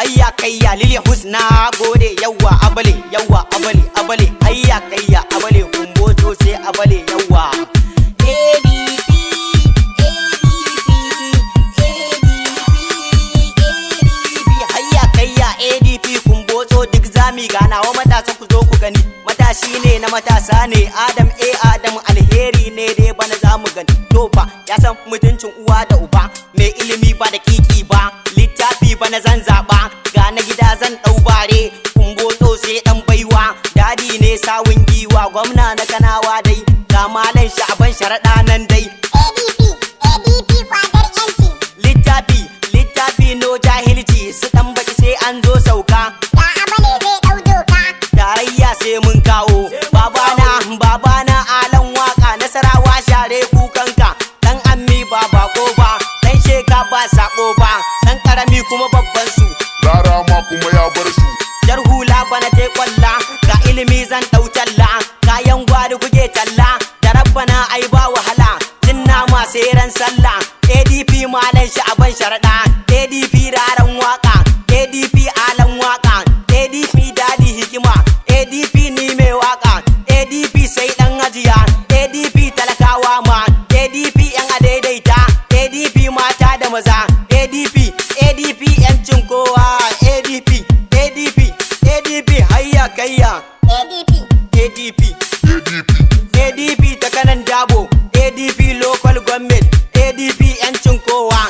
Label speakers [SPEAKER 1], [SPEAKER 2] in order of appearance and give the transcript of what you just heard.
[SPEAKER 1] Ayya kayya lili husna gode yawa abale yawa abale abale ayya kayya abale kumboto sai abale yawa ganawa matasa ku zo ku gani matashi ne na matasa ne adam e adam alheri ne dai bana za mu gani to fa ya san mutuncin uwa da uba mai ilimi ba da kiki ba zaɓi ba na zan zaɓa ga na gida zan ɗau bare kumboto sai ɗan baiwa dadi ne sawun giwa gwamna na kanawa dai ga malan sha'aban sharaɗa nan dai littafi littafi no jahilci su ɗan baki sai an zo sauka ya abu zai ɗau doka tarayya sai mun kawo babana babana alan waka nasarawa share kukanka ɗan ammi ba bako ba ɗan sheka ba sako ba karami kuma babban su gara ma kuma ya bar su jar hula bana te kwalla ga ilimi zan dau talla kayan gwari kuke talla da na ai ba wahala jinna ma sai ran sallah ADP malan shi aban sharada ADP raran waka ADP alan waka ADP dadi hikima ADP ni mai waka ADP sai dan ajiya ADP talakawa ma ADP yan adaidaita ADP mata da maza TBN 中国网。